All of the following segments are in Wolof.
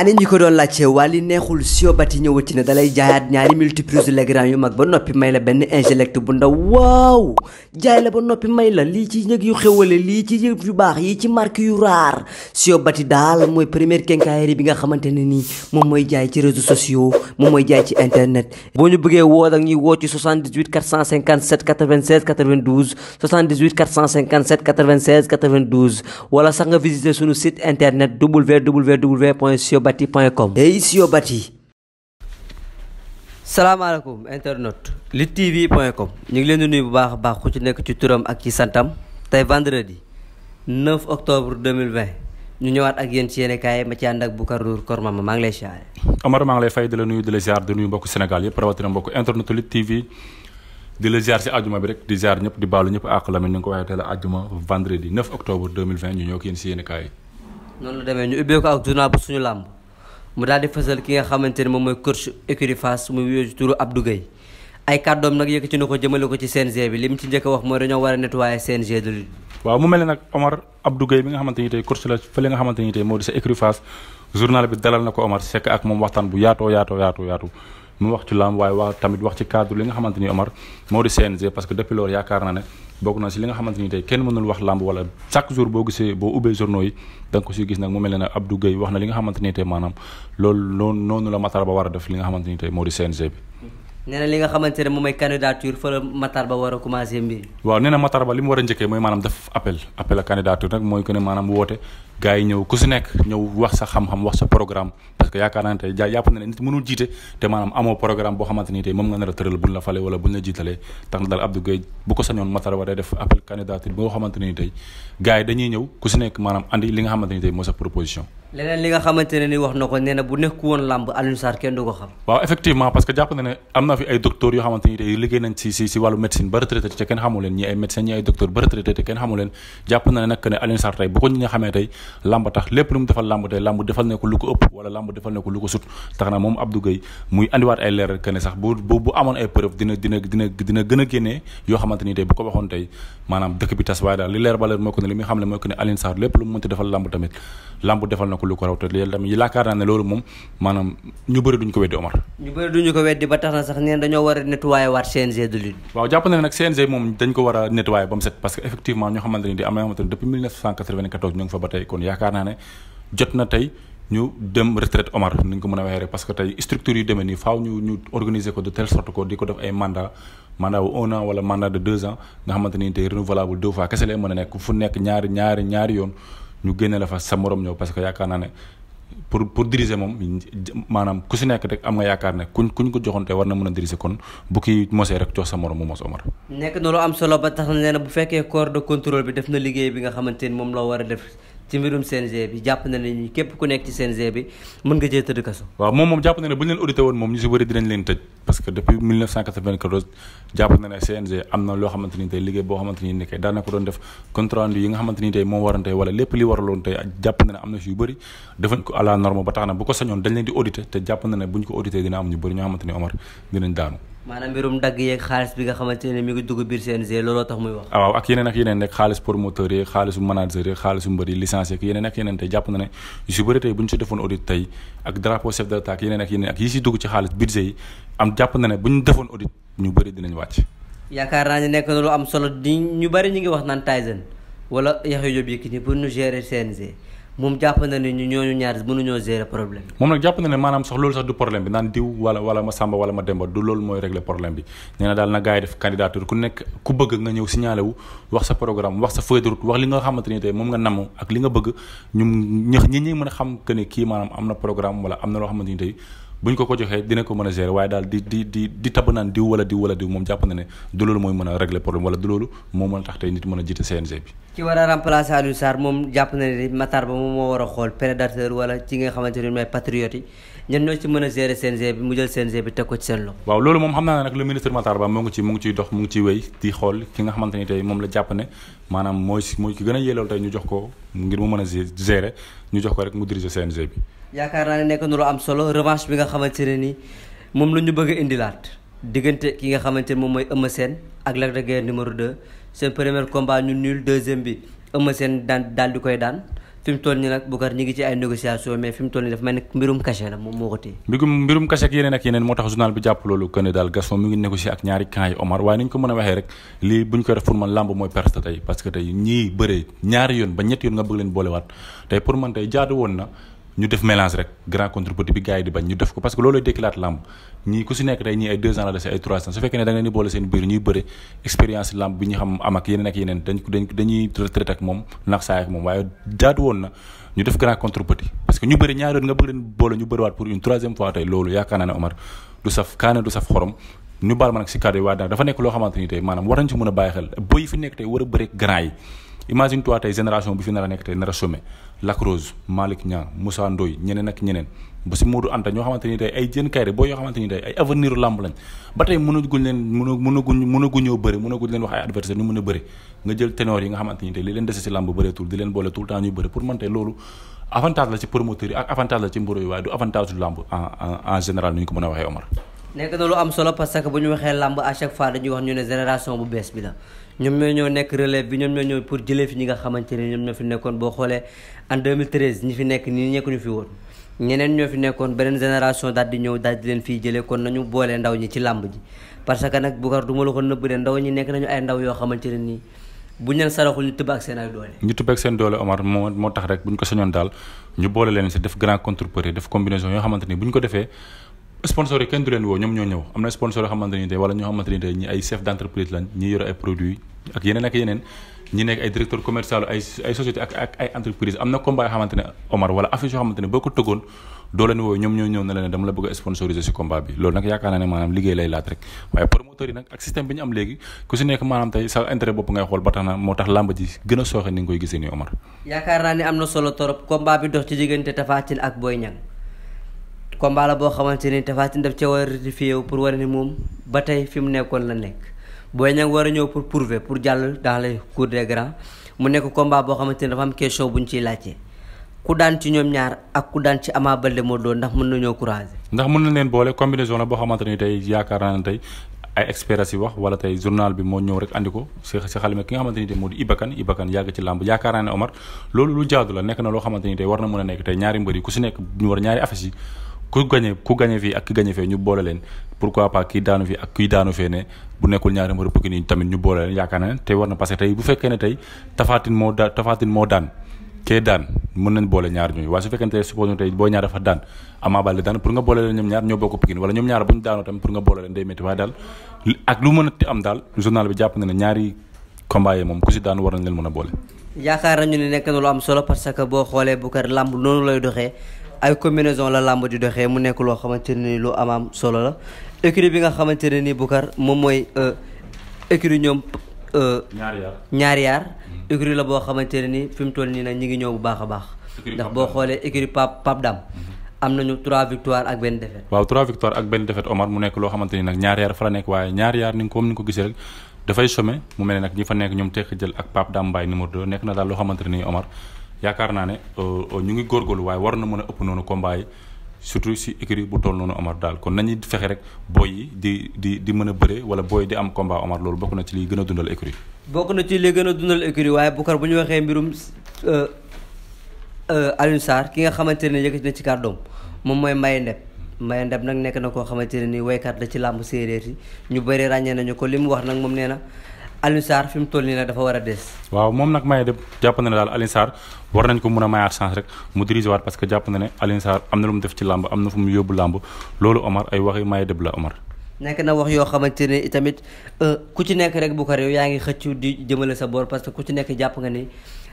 ani ñi ko doon la Wally neexul siobati ñëwati na dalay jaayaat ñaari multiprise Legrand yu mag ba noppi may la benn ingelect bu ndaw waaw jaay la ba noppi may la lii ci njëg yu xewale lii ci yëf yu baax yii ci marque yu raar siobati daal mooy première quincaillerie bi nga xamante ne nii moom mooy jaay ci réseaux sociaux moom mooy jaay ci internet boo ñu bëggee woo ak ñuy woo ci 78 457 96 92 78 457 96 92 wala sax nga visiter sunu isiobati point com et isiobati salaamaaleykum internet Lutte TV point com ñu ngi leen di nuyu bu baax a baax ku ci nekk ci turam ak ci santam tey vendredi 9 octobre ñu ñëwaat ak yéen ci yéen kaay ma ci ànd ak Boucar Kormama maa ngi Omar maa fay di la nuyu di la ziar di nuyu mbokk Sénégal yëpp rawatina mbokk internet Lutte TV di la ziar si bi rek di ziar ñëpp di baalu ñëpp àq Lamine ni nga ko waxee tey la àjjuma vendredi 9 octobre ñu ñëw ak yéen si kaay noonu la mu daal di fësal ki nga xamante ne moom mooy coach écurie Fass mu wéeju turu Abdou Gueye ay kàddoom nag yëkkati na ko jëmale ko ci CNG bi li mu ci njëkk a wax mooy dañoo war a nettoyer CNG de lutte. waaw mu mel ne Omar Abdou Gueye nga xamante ni tey coach la fële nga xamante ni tey moo di sa écurie Fass journal bi dalal na ko Omar Seck ak moom waxtaan bu yaatoo yaatoo yaatoo yaatu mu wax ci lamb waaye waa tamit wax ci cadre li nga xamante ni Omar moo di CNG parce que depuis loolu bokk na si li nga xamante ni tey kenn mënul wax làmb wala chaque jour boo gisee boo ubbee journaux yi da nga ko siy gis nag mu mel ne ne Abdou Gueye wax na li nga xamante ni tey maanaam loolu noonu noonu la Matar Ba war a def li nga xamante ni tey moo di CNG bi nee li nga xamante ne moom mooy candidature fa la Matar Ba war a commencé mbir. waaw nee na Matar Ba li mu war a njëkkee mooy maanaam def appel candidature wax sa xam-xam wax sa yaakaar naa ne tey jàpp boo xamante tey moom a tëral buñ la fale wala buñ la jiitalee tax na daal Abdou Gueye bu boo xamante ni tey gars yi dañuy ñëw ku si nekk maanaam andi li nga xamante ni tey mooy sa proposition leneen li nga xamante ne ni wax na ko nee na bu nekku woon làmb Alioune Sarr kenn du ko xam waaw effectivement parce que jàpp na ne am na fi ay docteurs yoo xamante ni tey liggéey nañ si si si wàllu médecine ba retraité te kenn xamu leen ñi ay médecins ñi ay na bu ko na moom Abdou ne yoo xamante ni tey bu ko waxoon tey maanaam dëkk bi tas waaye daal li leer ba leer mooy ko ne li muy xam ne mooy ko ne Alioune Sarr lu mu mënti defal làmb tamit làmb defal na ko lu ko raw te yàlla yaakaar naa ne loolu moom maanaam ñu bëri duñu ko weddi ba tax na sax neen dañoo war a nettoyer waat CNG de lutte waaw jàpp na ne nag CNG moom dañ ko war a nettoyer ba fa ba tey kon yaakaar naa ne jot na tey ñu dem retraite Omar ni ñu ko mën a waxee rek parce que tey structure yu demee nii faaw ñu ñu organiser ko de telle sorte que di ko def ay mandat mandat wu un an mandat de deux ans nga xamante tey renouvelable deux ñu génne la fa sa morom ñëw parce que yaakaar naa ne pour pour diriger moom maanaam ku si nekk rek am nga yaakaar ne kuñ kuñ ko joxante war na mën a diriger kon bu mosee rek jox sa morom mu mos Omar. nekk na lu am solo ba tax na nee na bu fekkee corps de bi def na liggéey bi nga xamante moom la war a def. ci mbirum CNG bi jàpp na ne képp ku nekk ci CNG bi mën nga cee tëdd kaso. waaw moom moom jàpp na ne bu ñu leen audité woon moom ñu si bëri dinañ leen tëj parce que depuis 1994 jàpp na ne doon def compte yi nga xamante tey moom waroon tey lépp li waraloon tey jàpp na ne am na si yu bëri defuñ ko à la ba tax na bu ko sañoon dañ leen di audité te jàpp na ne bu ñu ko audité dina am ñu bëri ñoo xamante ni dinañ daanu maanaam mbirum dagg yeeg xaalis bi nga xamante ne mi ngi dugg biir CNG looloo tax muy wax ah, waaw ak yeneen ak yeneen xaalis promoteur yi xaalisu manager yi xaalisu mbër yi licencié ak ak yeneen ne yu si bëri tey bu ñu si defoon audit tey ak drapeau chef d'état ak yeneen ak yeneen ak yi si dugg ci xaalis budget yi am jàpp na ne bu ñu defoon audit ñu bëri dinañ wàcc yaakaar naa ne nekk na lu am solo di ñu bari ñu ngi wax naan Tyson wala Yaxya Jóob Yékini pour ñu gérer CNG moom jàpp na ne ñu ñooñu ñaar mënuñoo gérer problème moom nag jàpp na ne maanaam sax loolu sax du problème bi naan diw wala wala ma sàmba wala ma demba du loolu mooy régler problème bi nee na daal na gars yi def candidature ku nekk ku bëgg nga ñëw signalé wu wax sa programme wax sa feuille de wax li nga xamante ni tey moom nga namm ak li nga bëgg ñum ñëx ñi ñi mën a xam que ne kii maanaam am na programme wala am na loo xamante ni tey buñ ko ko joxee dina ko mën a gérer waaye daal di di di di tabb naan diw wala diw wala diw moom jàpp na ne du loolu mooy mën a régler problème wala du loolu moo mën a tax tey nit mën a jiite CNG bi a moom jàpp na ne Matar a xool prédateur wala ci nga xamante ne mooy patriote yi ñan ñoo a gérer CNG bi mu jël CNG bi teg ko ci seen loxo waaw loolu moom xam naa ne nag le ministre Matar Ba moo ngi ci mu ngi ciy dox mu ngi ciy wéy di xool ki nga xamante tey moom la jàpp ne maanaam mooy ki gën a yellool tey ñu jox ko ngir mu mën a gérer ñu jox ko rek mu diriger CNG bi yaakaar naa nekk na lu am solo revanche bi nga xamante ne ni moom la ñu bëgg a indilaat diggante ki nga xamante ne moom mooy Eumeu Sène ak Lac de Guiers numéro 2 seen premier combat ñu nul deuxième bi Eumeu Sène daan daal di koy daan fi mu nii nag Boucar ñu ngi ci ay nii dafa mel moom moo ko téye moo tax journal bi jàpp ne daal Gaston mi ngi négocier ak ñaari camps Omar waaye ni ñu ko mën a waxee rek lii bu ñu ko def pour man làmb mooy perte tey que tey ñii bëree ba ñetti yoon nga bëgg leen boolewaat tey pour man tey jaadu na ñu def mélange rek grand contre petit bi gars yi di bañ ñu def ko parce que loolooy déclare làmb ñii ku si nekk tey ñii ay deux ans la dese ay trois ans su fekkee ne da nga boole seen biir ñuy bëre expérience làmb bi ñu xam am ak yeneen ak yeneen dañ dañ dañuy retraite ak moom nax saay ak moom waaye jaadu woon na ñu def grand contre parce que ñu bëri ñaari yoon nga bëgg leen boole ñu bëriwaat pour une troisième fois tey loolu yaakaar naa ne loo xamante ni tey a bàyyi a bëre imagine toi tey génération bi fi nar a nekk tey nar a chômer Rose Malick Niang Moussa Ndoye ñeneen ak ñeneen ba si Modou Anta ñoo xamante ni tey ay jën kayre boo yoo xamante ni tey ay avenir làmb lañ ba adversaire ñu mën a bëri nga jël ténor yi nga xamante ni tey li leen dese si làmb bëreetul di leen boole tout le temps ñuy bëri pour man tey loolu avantage la ci promoteur yi ak avantage la ci mboro yi waaye du avantage du làmb en en général ni ñu ko mën a waxee Omar nekk na lu am solo parce que bu ñu waxee làmb à chaque fois dañuy wax ñu ne génération bu bees bi la ñoom ñoo nekk relève bi ñoom ñoo ñëw pour jëlee fi ñi nga xamante ne ñoom ñoo fi nekkoon boo xoolee en 2013 nii ñekkuñu fi woon ñoo fi nekkoon beneen génération daal di ñëw daal di leen fiy jëlee kon nañu boolee ndaw ñi ci làmb ji parce que nag Boucar du ma la ndaw ñi nekk nañu ay ndaw yoo xamante ne nii bu ñu leen moo tax rek bu ñu ko sañoon daal ñu boole leen si def grand contre def combinaison yoo xamante ni bu ñu ko defee sponsor yi kenn du leen woo ñoom ñoo ñëw am na sponsor yoo xamante ni tey ñoo xamante ni ñi ay chef d' lañ ñi yore ay produits ak yeneen ak yeneen ñi nekk ay directeur commercial ay ay ak ay entreprise am na combat a sponsoriser si combat bi liggéey lay laaj rek waaye promoteur yi nag ak système bi ñu am léegi ku si nekk maanaam tey sa intérêt bopp ngay xool ba tax na moo tax làmb gën a sooxe ni nga koy gisee nii Omar yaakaar naa ne am na solo torop combat la boo xamante ni Tapha Tine daf ca war a pour wane ni moom ba tey fi mu nekkoon la nekk boo Niang war a ñëw pour prouver pour jàll dans les cours des grands mu nekk combat boo xamante ni dafa am question bu ñu ciy laajte ku daan ci ñoom ñaar ak ku daan ci Ama Baldé moo doon ndax mën na leen boole combinaison la boo xamante ni tey yaakaar naa ne tey. ay experts yi wax wala tey journal bi ñëw rek andi ko si si moo di ibakan ibakan yàgg ci làmb yaakaar Omar loolu lu jaadu la nekk na loo xamante tey war na mën a nekk tey ñaari mbër yi ku si nekk ñu ku gañe ku gañe fii ak ki gañe fee ñu boole leen pourquoi pas kii daanu fii ak kii daanu fee ne bu nekkul ñaari mbër Pikine yi tamit ñu boole leen yaakaar na ne tey war na parce que tey bu fekkee ne tey Tapha Tine moo da Tapha Tine moo daan kee daan mën nañ boole ñaar ñooñu waaye su fekkee ne tey supposons tey boo ñaar dafa daan Ama Baldé daan pour nga boole leen ñoom ñaar ñoo bokk Pikine wala ñoom ñaar bu ñu daanoo tamit pour nga boole leen day métti waaye daal ak lu mën a ti am daal journal bi jàpp na ne ñaari combat yi moom ku si daan war nañ leen mën a boole yaakaar nañu ne nekk na lu am solo parce que boo xoolee bu kër làmb noonu lay doxee ay combinaison la làmb di doxee mu nekk loo xamante ne ni lu amaam solo la écurie bi nga xamante ne ni Boucar moom mooy euh, écurie ñoom. Euh, ñaari yaar ñaari yaar. Hmm. écurie la boo xamante ne ni fi mu toll nii nag ñu ngi ñëw bu baax a baax. ndax boo xoolee écurie Pape Pape Dame. Hmm. am nañu trois victoires ak benn défaite. waaw trois victoires ak benn défaite Omar mu nekk loo xamante ni nag ñaari yaar fa la nekk waaye ñaari yaar ni comme ni ko gisee rek. dafay somé mu mel nag ñi fa nekk ñoom tekk jël ak Pape Dame Mbaye nekk na daal loo xamante ne nii yaakaar naa ne euh, euh, ñu ngi góorgóorlu waaye war na mën a ëpp noonu combat yi surtout si écurie bu toll noonu Omar daal kon nañuy fexe rek booy yi di di di mën a bëre wala booy di am combat Omar loolu bokk na ci lii gën a dundal écurie. bokk na ci liy gën a dundal écurie waaye Boucar bu ñu waxee mbirum euh, Alioune Sarr ki nga xamante ne yëkkati na ci kàddoom moom mooy Mbaye Ndep Mbaye Ndep nag nekk na koo xamante ne nii waykat la ci làmb séeréer yi ñu bëri ràññee nañu ko li mu wax nag moom nee na. Alioune Sarr toll nii nag dafa war a des. waaw moom nag maye de jàpp na ne daal Alioune Sarr war nañ ko mën a rek mu dirige maye de la yoo xamante ne tamit euh, ku ci nekk rek bu ko réew sa boor parce que ku ci nekk jàpp nga ni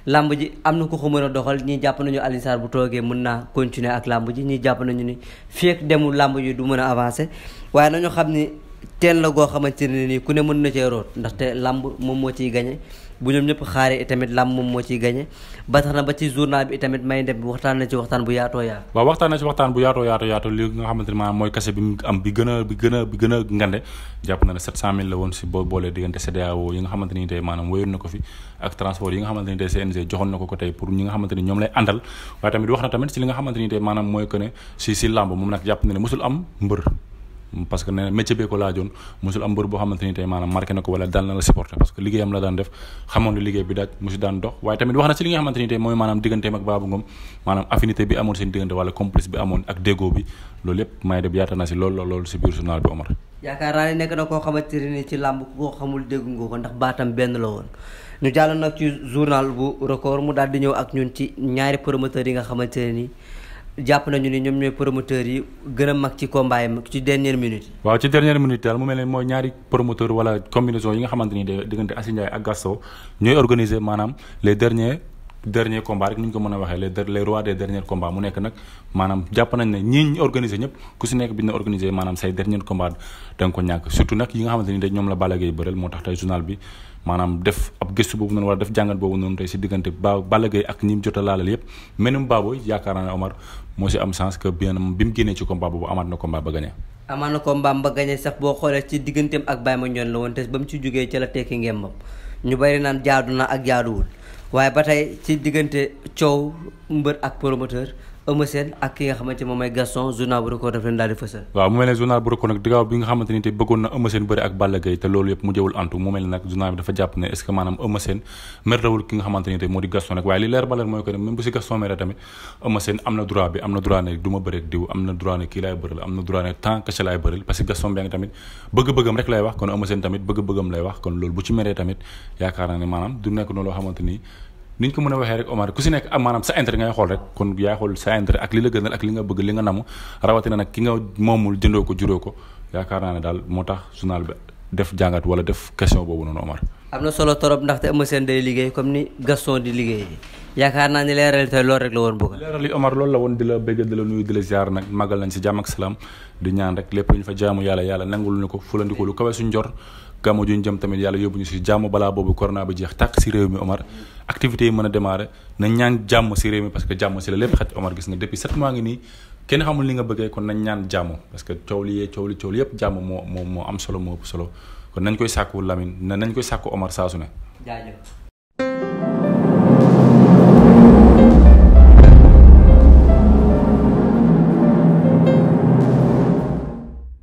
làmb ji am na ko ko mën a doxal ñii jàpp nañu Alioune Sarr bu toogee mën naa continuer ak làmb ji ñii jàpp nañu ni fii ak demul làmb yi du mën a avancer waaye nañu xam ni teen la goo xamante ne nii ku ne mën na cee root ndaxte làmb moom moo ci gañe bu ñoom ñëpp xaaree itamit làmb moom moo ciy gañe ba tax na ba ci journal bi itamit bu yaatoo yaatu nga xamante ne mooy kase bi mu am bi gën a bi gën a bi gën a ngande jàpp na ne 700000 la woon si boo boolee diggante CEDEAO yi nga xamante ni tey maanaam wéyoon na ko fi ak transport yi nga xamante ni ko ko tey pour ñi nga xamante ni ñoom lay àndal waaye tamit wax na si nga xamante ni tey maanaam mooy que ne si si làmb moom nag jàpp na ne mosul am mbër parce que nee na métier bee ko laajoon mosul am mbër boo xamante maanaam marqué na ko wala daan na la supporté parce que liggéeyam la daan def xamoon ne liggéey bi daaj mu si daan dox waaye tamit wax na si li bi amoon ak déggoo bi loolu yépp may def yaata na si loolu loolu si biir journal bi Omar yaakaar naa nekk na koo xamante ci làmb koo xamul dégg nga ko ndax baatam benn la woon ñu jàll nag ci journal bu record mu daal ñëw ak ñun ci ñaari jàpp nañu ni ñoom ñooy promoteurs yi gën a mag ci combat yi ci dernière minute. waaw ci dernière minute daal mu mel ne mooy ñaari promoteur wala combinaison yi nga xamante ni de diggante Assi Ndiaye ak Gaston ñooy organiser maanaam les derniers derniers combats rek ni ñu ko mën a waxee les les rois des derniers combats mu nekk nag maanaam jàpp nañ ne ñii ñu organiser ku si nekk bi ñu organiser maanaam say dernier combat da nga ko ñàkk surtout nag yi nga xamante ni de bi. maanaam def ab gëstu boobu noonu wala def jàngat boobu noonu tey si diggante ba Balla Gaye ak ñi mu a laalal yëpp menum baabooy yaakaar naa ne Omar moo si am chance que bi mu génnee ci combat boobu na combat ba amaat na combat ba gagné sax boo xoolee ci digganteem ak Baye Mandione la woon te ba mu ci jógee ca la tekki ngembam ñu bari naan jaadu na ak jaaduwul waaye ba tey ci diggante coow mbër ak promoteur Eumeu ak ki nga xamante moom mooy Gaston journal bu record daf leen daal di fësal waaw mu mel ne journal bu rek diw am na droit ne kii laay bëral am na tamit bëgg-bëggam rek lay wax kon Eumeu tamit bëgg maanaam du nekk noonu loo ni ñu ko mën a waxee rek Omar ku si nekk am ah, maanaam sa intérêt ngay xool rek kon yaay xool sa intérêt ak li la gënal ak li nga bëgg li nga namu rawatina nag ki nga moomul jëndoo ko juróo ko yaakaar naa ne daal moo tax journal bi def jàngat wala def question boobu noonu Omar. am na solo torop ndaxte Eumeu Sène day liggéey comme ni Gaston di yaakaar naa ni leeral tey loolu rek la woon bëgg. leeral yi Omar loolu la woon di la bëgg di la nuyu di la ziar nag màggal nañ si jàmm ak salaam di ñaan rek lépp lu ñu fa jaamu yàlla yàlla nangul ñu ko fulandiku lu kawe suñ jor gàmmu ju ñu jëm tamit yàlla yóbbu ñu si jàmm balaa boobu corona jeex tàkk si réew mi Omar activités yi mën a démarrer na ñaan jàmm si réew mi parce que jàmm si la lépp xaj Omar gis nga depuis sept mois ngi nii kenn xamul li nga bëggee kon nañ ñaan jàmm parce que coow li yee coow li coow li yëpp jàmm moo moo moo am solo moo ëpp solo kon nañ koy sàkku na nañ koy sàkku Omar saa su ne